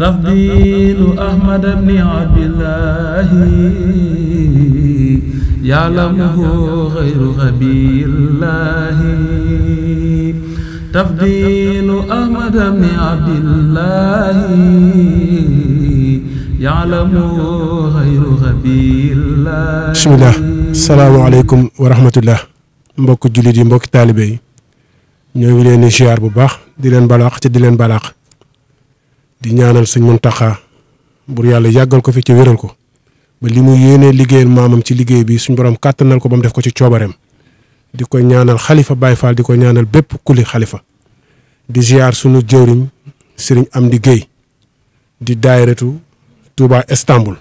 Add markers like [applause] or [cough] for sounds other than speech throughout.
تفضيل أحمد بن عبد الله يعلمه غير غبي الله تفضيل أحمد بن عبد الله يعلمه غير غبي الله بسم الله السلام عليكم ورحمة الله mbokk jullit yi mbokk taalibe yi ñoo ngi leen di ziar bu baax di leen balaax te di leen balaax di ñaanal sëñ Muntaxa bur yàlla yàggal ko fi ci wéral ko ba li mu yéenee liggéeyal maamam ci liggéey bi suñ borom kàttanal ko ba mu def ko ci coobareem di ko ñaanal xalifa Baye Fall di ko ñaanal bépp kuli xalifa di ziar suñu jëwriñ sëriñ Amdi Guèye di daayiratu tuubaa Istanbul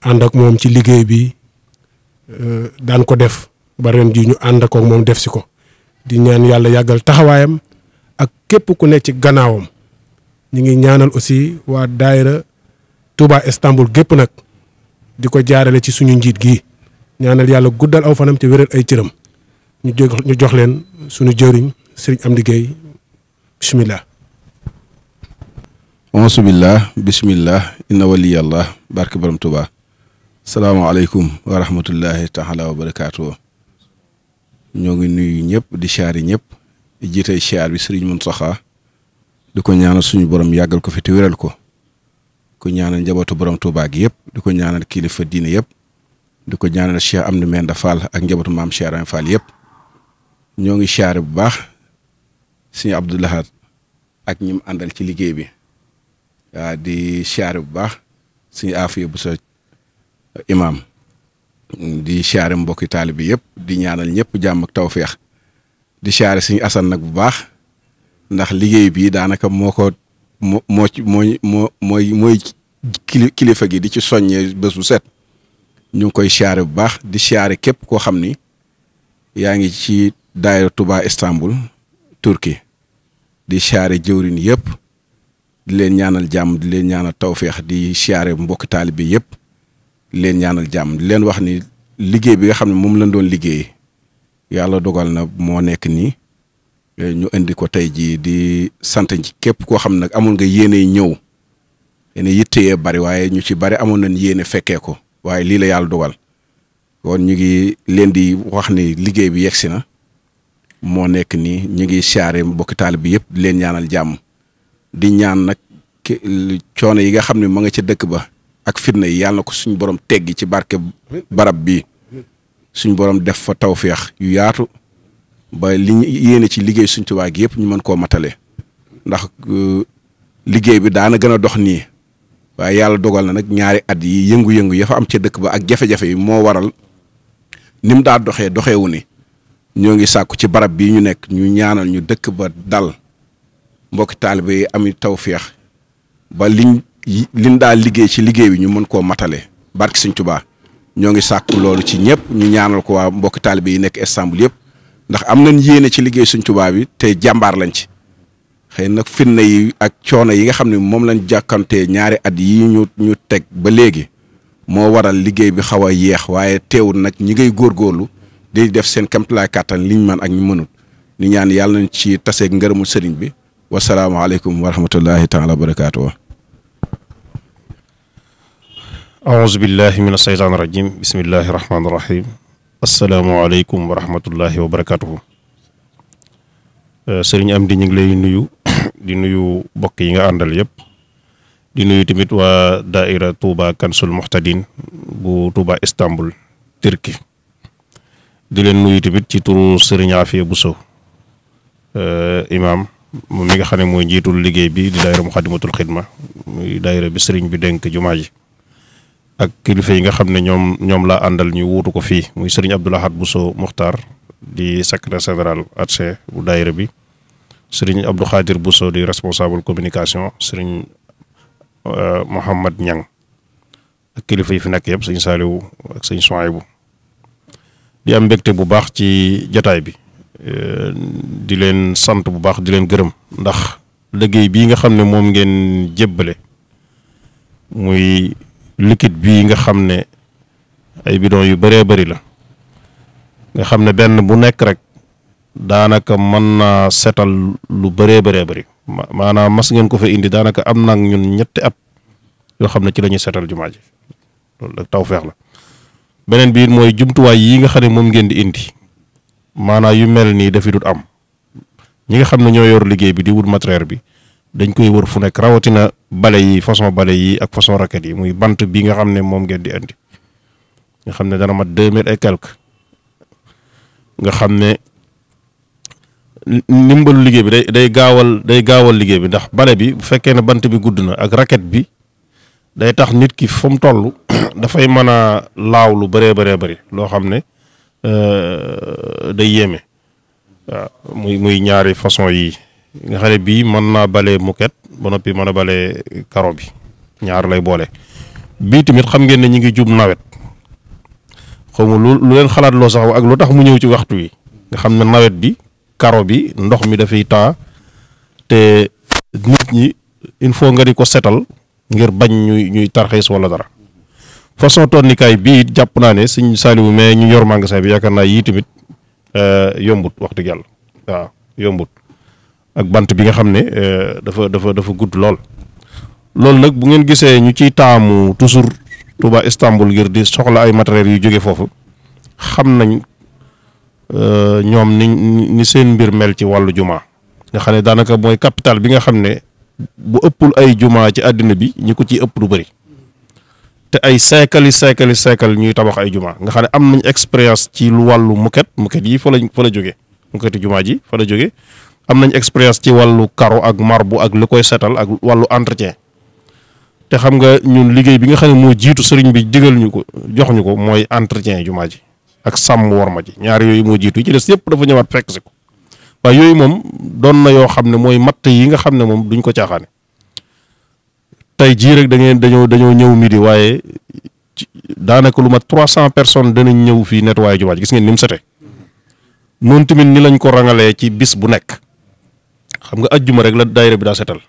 ànd ak moom ci liggéey bi euh, daan ko def ba ren jii ñu ànd ak moom def si ko di ñaan yàlla yàggal taxawaayam ak képp ku nekk ci gannaawam. ñu ngi ñaanal aussi waa daayira Touba Istanbul gépp nag di ko jaarale ci suñu njiit gi ñaanal yàlla guddal aw fanam ci wéral ay cëram ñu jox ñu jox leen suñu jëriñ sëriñ Amdi liggéey bismillah asubillah bismillah inna waliyallah barke borom Touba salaamaaleykum wa rahmatullahi taala barakaatu ñoo ngi nuyu ñëpp di siyaar yi ñëpp jiitay siyaar bi sëriñ Muntaxa di ko ñaanal suñu borom yàggal ko fi te wéral ko ko ñaanal njabootu borom Touba gi yëpp di ko ñaanal kilifa diine yëpp di ko ñaanal Cheikh Amdi Menda Fall ak njabootu maam Cheikh Rahane Fall yëpp ñoo ngi siyaare bu baax suñu Abdou ak ñi mu àndal ci liggéey bi waa di siyaare bu baax suñu aafiya bu sa imaam di siyaare mbokki taalibe yëpp di ñaanal ñëpp jàmm ak tawféex di siyaare suñu Assane nag bu baax. ndax liggéey bi daanaka moo ko moo moo ci moo mooy mooy kilifa gi di ci soññee bés bu set ñu koy siyaare bu baax di siyaare képp koo xam ni yaa ngi ci daayira tubaa Istanbul turki di siyaare jëwrin yëpp di leen ñaanal jàmm di leen ñaanal tawféex di siyaare mbokki taalibe yëpp di leen ñaanal jàmm di leen wax ni liggéey bi nga xam ne moom lañ doon liggéey yàlla dogal na moo nekk nii. Eh, ñu indi ko tey jii di sant ci képp koo xam nag amoon nga yéene ñëw yéene yitteyee bari waaye ñu ci bari amoon nañ yéene fekkee ko waaye lii la yàlla dogal kon ñu ngi leen di wax ni liggéey bi yegsi na moo nekk nii ñu ngi siyaare mbokki taalib bi yëpp di leen ñaanal jàmm di ñaan nag coono yi nga xam ne mu nga ca dëkk ba ak fitna yi yàlla ko suñ borom teggi ci barke barab bi suñ borom def fa tawféex yu yaatu ba li ñu yéene ci liggéey Sëñ Tuubaa gi yëpp ñu mën koo matale ndax euh, liggéey bi daana gën a dox nii waaye yàlla dogal na nag ñaari at yi yëngu-yëngu ya am ca dëkk ba ak jafe-jafe yi moo waral ni mu daa doxee doxewu ni ñoo ngi sàkku ci barab bi ñu nekk ñu ñaanal ñu dëkk ba dal mbokki taalibe yi am tawféex ba liñ liñ daa liggéey ci liggéey bi ñu mën koo matale barki Sëñ Tuubaa ñoo ngi sàkku loolu ci ñëpp ñu ñaanal ko waa mbokki taalibe yi nekk Istanbul yëpp ndax am nañ yéene ci liggéey suñ tubaab bi te jàmbaar lañ ci xëy nag fitna yi ak coono yi nga xam ne moom lañ jàkkante ñaari at yi ñu ñu teg ba léegi moo waral liggéey bi xaw a yéex waaye teewul nag ñi ngay góor góorlu di def seen kamtalaay kàttan liñ man ak ñu mënut ni ñaan yàlla nañ ci taseeg ngërëmu sëriñ bi wasalaamaaleykum wa rahmatullahi taala wa barakaatu aouzu billahi min asalaamaaleykum wa rahmatullahi wa eh, sëriñ Amdi ñu ngi lay nuyu [coughs] di nuyu mbokk yi nga àndal yëpp di nuyu tamit waa daaira Touba Kansul Muhtadin bu Touba Istanbul Turki di leen nuyu tamit ci turu sëriñ Afia Bousso eh, imaam moom mi nga xam ne mooy njiitul liggéey bi di daaira Muxaddamatul Xidma muy bi sëriñ bi denk jumaa ak kilifa yi nga xam ne ñoom ñoom laa àndal ñuy wuutu ko fii muy sëriñ Abdou bu Bousso Muxtaar di secrétaire général adjoint bu daayira bi sëriñ Abdou bu Bousso di responsable communication sëriñ euh, Mouhamad Ñang ak kilifa yi fi nekk yëpp sëñ Saaliw ak sëñ Soaybu di am mbégte bu baax ci jataay bi euh, di leen sant bu baax di leen gërëm ndax liggéey bi nga xam ne moom ngeen jébbale muy liquide bii nga xam ne ay bidon yu bëree bari la nga xam ne benn bu nekk rek daanaka mën naa setal lu bëree bari ma maanaam mas ngeen ko fa indi daanaka am na ñun ñetti at yoo xam ne ci la setal jumaa ji loolu taw feex la beneen bii mooy jumtuwaay yi nga xam ne moom ngeen di indi maanaa yu mel nii dafi dut am ñi nga xam ne ñoo yor liggéey bi di wut matériel bi dañ koy wër fu nekk rawatina bale yi façon bale yi ak façon raquette yi muy bant bi nga xam ne moom ngeen di andi nga xam ne dana mat deux mètres et nga xam ne ndimbalu liggéey bi day day gaawal day gaawal liggéey bi ndax bale bi bu fekkee ne bant bi gudd na ak raket bi day tax nit ki fu mu toll [clears throat] dafay mën a laaw lu bëree bëree bari loo xam ne euh, day yéeme muy muy ñaari façon yi nga xale bii mën naa bale moquette ba noppi mën a bale karo bi ñaar lay boole bii tamit xam ngeen ne ñi ngi jub nawet xom ma lu leen xalaat loo sax ak lu tax mu ñëw ci waxtu wi nga xam ne nawet bi carreau bi ndox mi dafay taa te nit ñi il faut nga di ko setal ngir bañ ñuy ñuy tarxiis wala dara façon tonnikaay bii it jàpp naa ne suñ saaliwu mais ñu yor magasin bi yaakaar naa yii tamit euh, yombut waxtu dëgg yàlla waaw yombut ak bant bi nga xam ne euh, dafa dafa dafa gudd lool loolu nag bu ngeen gisee ñu ciy taamu toujours Touba Istanbul ngir di soxla ay matériels yu jóge foofu xam nañ euh, ñoom ni ni seen mbir mel ci wàllu jumaa nga xam ne daanaka mooy capital bi nga xam ne bu ëppul ay jumaa ci àddina bi ñu ko ci ëpp lu bëri te ay siècle siècle siècle ñuy tabax ay jumaa nga xam ne am nañ expérience ci lu wàllu muket muket yi fa lañ fa la jóge muketi jumaa ji fa la jóge am nañ expérience ci wàllu karo ak marbu ak li koy setal ak wàllu entretien te xam nga ñun liggéey bi nga xam ne moo jiitu sëriñ bi digal ñu ko jox ñu ko mooy entretien jumaa ji ak sàmm worma ji ñaar yooyu moo jiitu ci des yëpp dafa ñëwaat fekk ko waaye yooyu moom doon na yoo xam ne mooy matt yi nga xam ne moom duñ ko caaxaane tey jii rek da ngeen dañoo dañoo ñëw midi waaye daanaka lu mat trois cent personnes danañ ñëw fii nettoyé jumaa ji gis ngeen ni mu sete noonu tamit ni lañ ko rangalee ci bis bu nekk xam nga ajjuma rek la daayira bi daa setal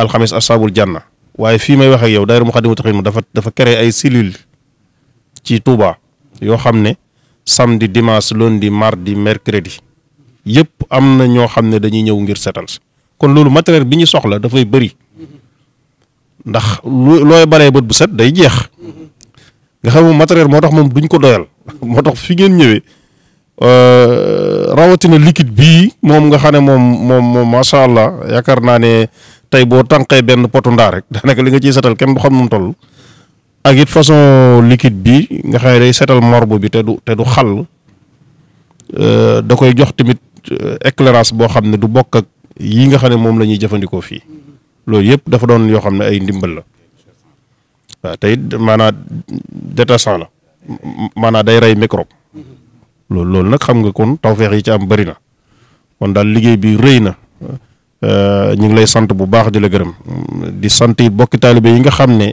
alxamis asaabul janna waaye fii may wax ak yow daayira Moukhaddamatoul Khidma dafa dafa créé ay cellules ci Touba yoo xam ne samedi dimanche lundi mardi mercredi yëpp am na ñoo xam ne dañuy ñëw ngir setal si kon loolu matériel bi ñu soxla dafay bëri ndax looy baree bët bu set day jeex nga xam matériel moo tax moom duñ ko doyal [laughs] moo tax fi ngeen ñëwee. Euh, rawatina liquide bii moom nga xam ne moom moom moom macha allah yaakaar naa ne tey boo tànqee benn potu ndaa rek [laughs] daanaka li nga ciy setal kenn du xam nu mu toll. it façon liquide bi nga xam ne day setal morbo bi te du te du xàll euh, da koy jox tamit euh, éclairage boo xam ne du bokk ak yi nga xam ne moom la ñuy jëfandikoo fii loolu yëpp dafa doon yoo xam ne ay ndimbal la waaw te it maanaam détachant la day rey microbe. loolu loolu nag xam nga kon tawfeex yi ci am bëri na kon daal liggéey bi rëy na euh, ñu ngi lay sant bu baax di la gërëm di sant it bokki taalibe yi nga xam ne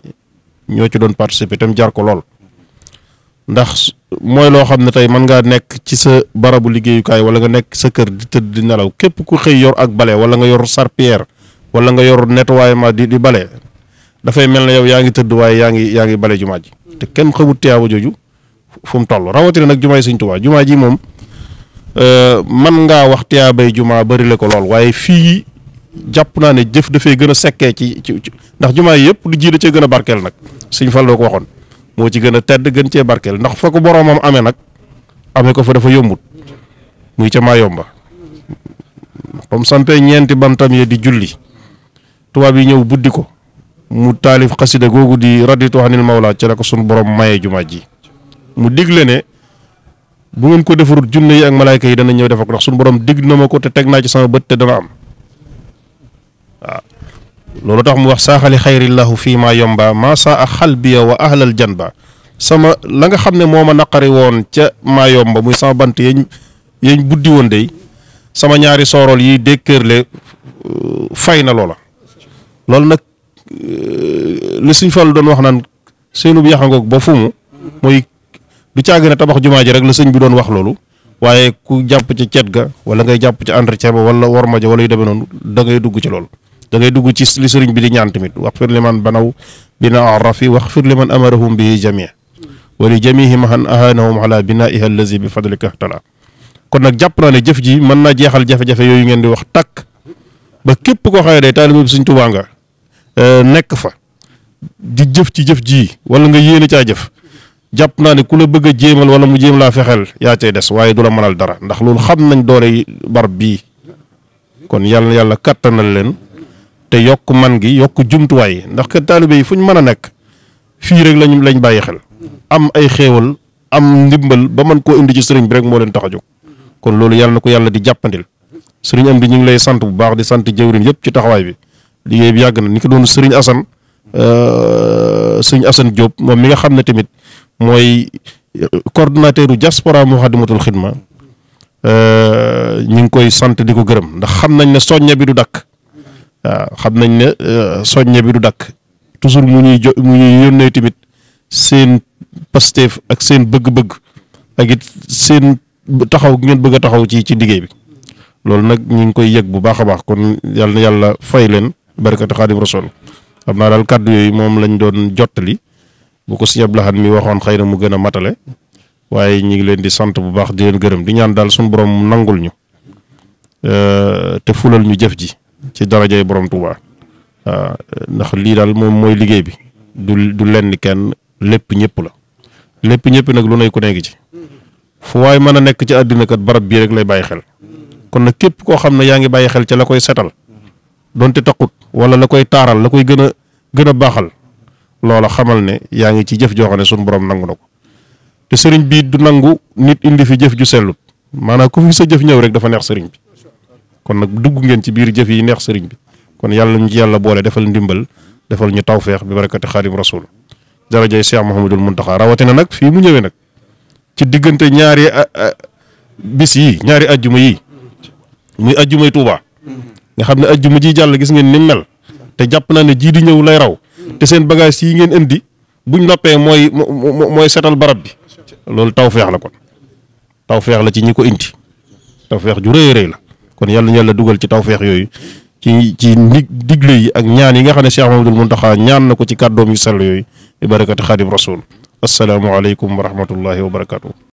ñoo ci doon participer tam jar ko lool ndax mooy loo xam ne tey mën ngaa nekk ci sa barabu liggéeyukaay wala nga nekk sa kër di tëdd di nelaw képp ku xëy yor ak bale wala nga yor serpillière wala nga yor nettoiement di di bale dafay mel ne yow yaa ngi tëdd waaye yaa ngi ngi bale jumaa ji te kenn xamut tiyaaba jooju fu mu toll rawatina nag jumaay sëñ Tuubaa jumaa ji moom euh, man ngaa wax bay jumaa bari le ko lool waaye fii jàpp naa ne jëf dafay gën a sekkee ci ci ndax jumaa yëpp di ji da cee gën a barkeel nag sëñ Fallu ko waxoon moo ci gën a tedd gën cee barkeel ndax fa ko boroomam amee nag amee ko fa dafa yombut muy ca maa yomba comme sampee ñeenti bantam ye di julli tubaab yi ñëw buddi ko mu taalif xasida googu di raditu anil mawla ci la ko sunu borom mayee jumaa ji mu digle ne bu ngeen ko defarul junne yi ak malaayka yi dana ñëw def ko ndax suñu borom dig na ma ko te teg naa ci sama bët te dana am loolu tax mu wax saaxali xayrillahu fii maa yomba maa saa a xal biya wa ahlal janba sama la nga xam ne moo ma naqari woon ca maa yomba muy sama bant yañ yañ buddi woon dey sama ñaari soorool yi dékkërle euh, fay na loola loolu nag euh, li suñ fàllu doon wax naan seenu bu yaxangoog ba fu mooy du caa gën a tabax jumaa ji rek la sëñ bi doon wax loolu waaye ku jàpp ci cet ga wala ngay jàpp ci entretien ba wala war ma ja wala yu demee noonu da ngay dugg ci loolu da ngay dugg ci li sëriñ bi di ñaan tamit wax fir liman banaw bina arafi wax fir liman amarahum bi jami wa li jamihim an ahanahum ala binaiha allazi bi a tala kon nag jàpp naa ne jëf ji mën naa jeexal jafe-jafe yooyu ngeen di wax takk ba képp koo xam ne day taalibe bi suñ tubaa nga eh, nekk fa di jëf ci jëf ji wala nga yéene caa jëf jàpp naa ne ku la bëgg a jéemal wala mu jéem laa fexeel yaa cay des waaye du la mënal dara ndax loolu xam nañ doole barab bii kon yàlla yàlla kattanal leen te yokk man gi yokk jumtuwaay yi ndax kat taalibe yi fu ñu mën a nekk fii rek lañ lañ bàyyi xel am ay xéewal am ndimbal ba mën koo indi ci sëriñ bi rek moo leen tax a jóg kon loolu yàlla na ko yàlla di jàppandil sëriñ am di ñu ngi lay sant bu baax di sant jëwriñ yëpp ci taxawaay bi liggéey bi yàgg na ni ko doon sëriñ Assane euh, sëriñ Assane Diop moom mi nga xam ne tamit mooy euh, coordonnateur u diaspora Moukhaddamatoul Khidma euh, ñu ngi koy sant di ko gërëm ndax xam nañ ne soññe bi du dakk waaw xam nañ ne euh, soññe bi du dakk toujours mu ñuy jo mu ñuy tamit seen pasteef ak seen bëgg-bëgg ak it seen taxaw ngeen bëgg a taxaw ci ci liggéey bi loolu nag ñu ngi koy yëg bu baax a baax kon yàlla yàlla fay leen barkati xaadim rasul xam naa daal kàddu yooyu moom lañ doon jottali bu ko sëñ Abdou Lahad mi waxoon xay na mu gën a matale waaye ñu ngi leen di sant bu baax di leen gërëm di ñaan daal suñu borom nangul ñu euh, te fulal ñu jëf ji ci darajay borom Touba waaw ndax lii daal moom mooy liggéey bi du du lenn kenn lépp ñëpp la lépp ñëpp nag lu nay ku nekk ci fu waay mën a nekk ci àddina kat barab bii rek lay bàyyi xel kon nag képp koo xam ne yaa ngi bàyyi xel ci la koy setal donte taqut wala la koy taaral la koy gën a gën a baaxal loola xamal ne yaa ngi ci jëf joo xam ne sunu boroom nangu na ko te sëriñ bii du nangu nit indi fi jëf ju sellut maanaam ku fi sa jëf ñëw rek dafa neex sëriñ bi kon nag dugg ngeen ci biir jëf yi neex sëriñ bi kon yàlla ñu ci yàlla boole defal ndimbal defal ñu tawfeex bi barakati xaadim rasul darajay Cheikh mun Muntaxa rawatina nag fii mu ñëwee nag ci diggante ñaari bis yi ñaari ajjuma yi muy ajjumay Tuuba nga xam ne ajjuma ji jàll gis ngeen ni mel te jàpp naa ne jii di ñëw lay raw te seen bagage yi ngeen indi buñ noppee mooy mooy setal barab bi loolu tawfeex la kon tawfeex la ci ñi ko indi tawfeex ju rëy rëy la kon yàlla la dugal ci tawfeex yooyu ci ci ndig digle yi ak ñaan yi nga xam ne Cheikh Mamadou xaa ñaan na ko ci kàddoom yu sell yooyu di barakati xaadim rasul asalaamaaleykum wa rahmatullahi wa barakatuh